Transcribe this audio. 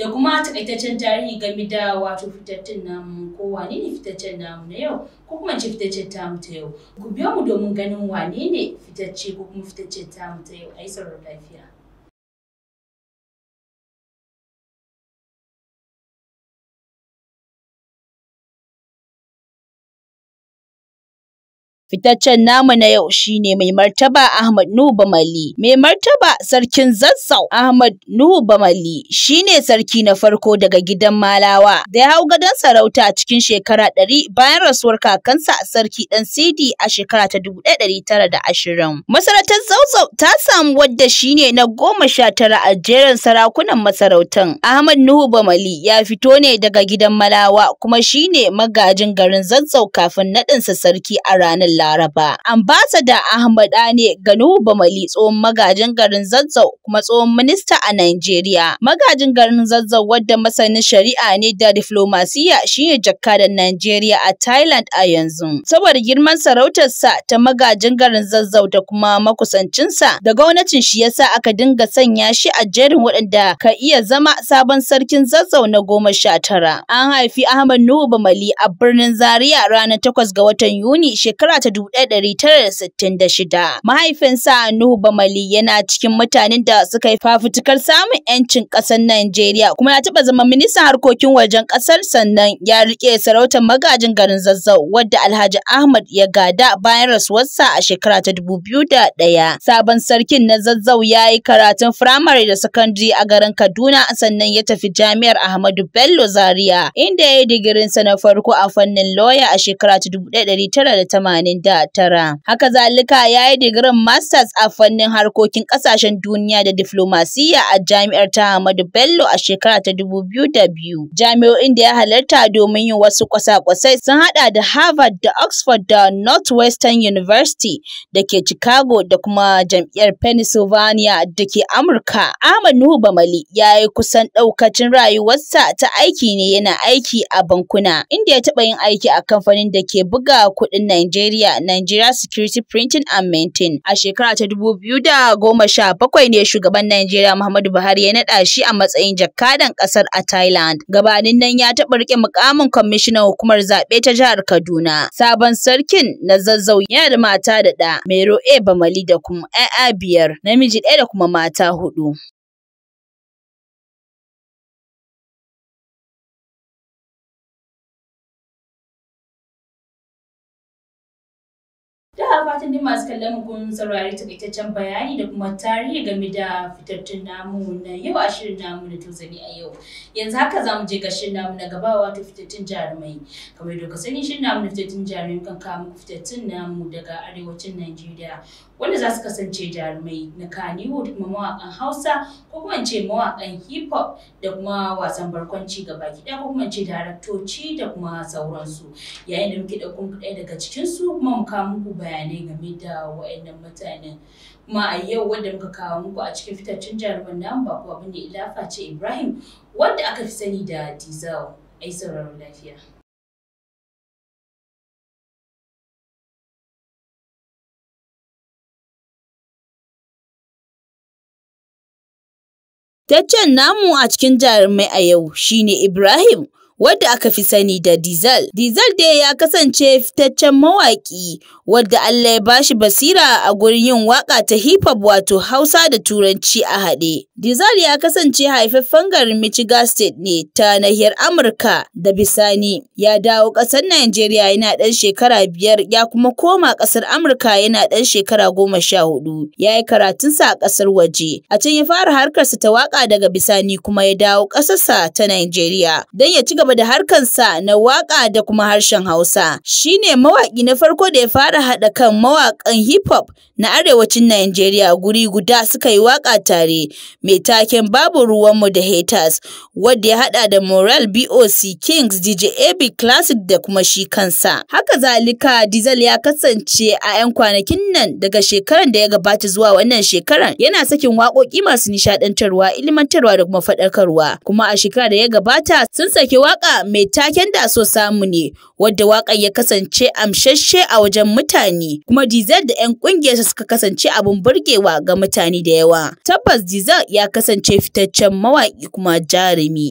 da kuma takaitaccen tarihi game da wato fitaccen namu ko wane ne fitaccen namu na yau ko kuma ce fitaccen tamu ta yau ku biyo mu domin ganin wane ne fitacce ko kuma fitaccen tamu ta yau a lafiya. Fitaccen namu na yau shine mai martaba Ahmad Nuhu Bamali. Mai martaba sarkin Zazzau Ahmad Nuhu Bamali shine sarki na farko daga gidan Malawa da ya hau gadon sarauta cikin shekara ɗari bayan rasuwar kakansa sarki ɗan Sidi a shekara ta dubu ɗaya ɗari tara da ashirin. Masarautar Zazzau ta samu wadda shine na goma sha tara a jerin sarakunan masarautan. Ahmad Nuhu Bamali ya fito ne daga gidan Malawa kuma shine magajin garin Zazzau kafin naɗinsa sarki a ranar Laraba. Ambassador Ahmad Ane Nuhu Bamali, tsohon magajin garin Zazzau kuma tsohon minista a Najeriya. Magajin garin Zazzau wadda masanin shari'a ne da diflomasiya shine jakkadan Najeriya a Thailand a yanzu. Saboda girman sarautar sa ta magajin garin Zazzau da kuma makusancinsa da gwamnatin shi yasa aka dinga sanya shi a jerin waɗanda ka iya zama sabon sarkin Zazzau na goma sha tara. An haifi Ahmad Nuhu Bamali a birnin Zaria ranar takwas ga watan Yuni shekara ta 1966. Mahaifinsa Nuhu Bamali yana cikin mutanen da suka yi fafutukar samun 'yancin ƙasar Najeriya kuma ya taɓa zama ministan harkokin wajen ƙasar sannan ya riƙe sarautar magajin garin Zazzau wadda Alhaji Ahmad ya gada bayan rasuwarsa a shekara ta 2001. Sabon sarkin na Zazzau ya yi karatun firamare da sakandare a garin Kaduna sannan ya tafi jami'ar Ahmadu Bello Zaria inda ya yi digirinsa na farko a fannin Loya a shekara ta 1980. da tara. Haka zalika ya yi digirin Masters a fannin harkokin ƙasashen duniya da diflomasiyya a jami'ar ta Ahmadu Bello a shekara ta dubu biyu da biyu. Jami'o'in da ya halarta domin yin wasu kwasa-kwasai sun haɗa da Harvard da Oxford da Northwestern University da ke Chicago da kuma jam'iyyar Pennsylvania da ke Amurka. Ahmad Nuhu Bamali ya yi kusan ɗaukacin rayuwarsa ta aiki ne yana aiki a bankuna, inda ya taɓa yin aiki a kamfanin da ke buga kuɗin Najeriya. Najeriya Nigeria Security Printing and Maintain. A shekara ta dubu biyu da goma sha bakwai ne shugaban Najeriya Muhammadu Buhari ya naɗa shi a matsayin jakadan ƙasar a Thailand. Gabanin nan ya taɓa riƙe mukamin kwamishinan hukumar zaɓe ta jihar Kaduna. Sabon sarkin na zazzau yana da mata da ɗa, Mero E Bamali da kuma ‘ya'ya biyar, namiji ɗaya da kuma mata huɗu. da fatan din masu kallon mu kun saurari takaitaccen bayani da kuma tarihi game da fitattun namu na yau a shirin namu na tuzani a yau. Yanzu haka za mu je ga shirin namu na gaba wato fitattun jarumai. Kamar yadda ka sani shirin namu na fitattun jarumai kan kawo muku fitattun namu daga arewacin Najeriya wanda za su kasance jarumai na da kuma mawaƙan Hausa ko kuma ce mawaƙan hip hop da kuma wasan barkwanci gaba ki ko kuma ce daraktoci da kuma sauransu. Yayin da muke ɗauko ɗaya daga cikinsu kuma mu kawo muku bayani. bayanai game da wa'annan mutanen kuma a yau wanda muka kawo muku a cikin fitaccen jaruman namu ba kuwa bane ilafa ce ibrahim wanda aka fi sani da dizal ai sauraron lafiya Taccen namu a cikin jarumai a yau shine Ibrahim wadda aka fi sani da Dizal. Dizal dai ya kasance fitaccen mawaƙi wadda Allah ya shi basira a gurin yin waƙa ta hip hop wato Hausa da Turanci a haɗe. Dizal ya kasance haifaffen garin Michigan State ne ta nahiyar Amurka da bisani ya dawo ƙasar Najeriya yana ɗan shekara biyar ya kuma koma ƙasar Amurka yana ɗan shekara goma sha hudu. Ya yi karatunsa a ƙasar waje. A can ya fara harkarsa ta waƙa daga bisani kuma ya dawo ƙasarsa ta Najeriya don ya ci gaba gaba da harkarsa na waƙa da kuma harshen Hausa. Shi ne mawaƙi na farko da ya fara haɗa kan mawaƙan hip hop na arewacin Najeriya guri guda suka yi waƙa tare mai taken babu ruwanmu da haters wadda ya haɗa da Moral BOC Kings DJ AB Classic da kuma shi kansa. Haka zalika Dizal ya kasance a 'yan kwanakin nan daga shekaran da ya gabata zuwa wannan shekaran yana sakin waƙoƙi masu nishaɗantarwa, ilmantarwa da kuma faɗakarwa. Kuma a shekara da ya gabata sun saki waƙa waƙa mai taken da so samu ne, wadda waƙar ya kasance amshashe a wajen mutane, kuma Dizal da 'yan ƙungiyarsa suka kasance abin burgewa ga mutane da yawa. Tabbas Dizal ya kasance fitaccen mawaƙi kuma jarumi.